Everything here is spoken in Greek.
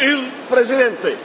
el presidente.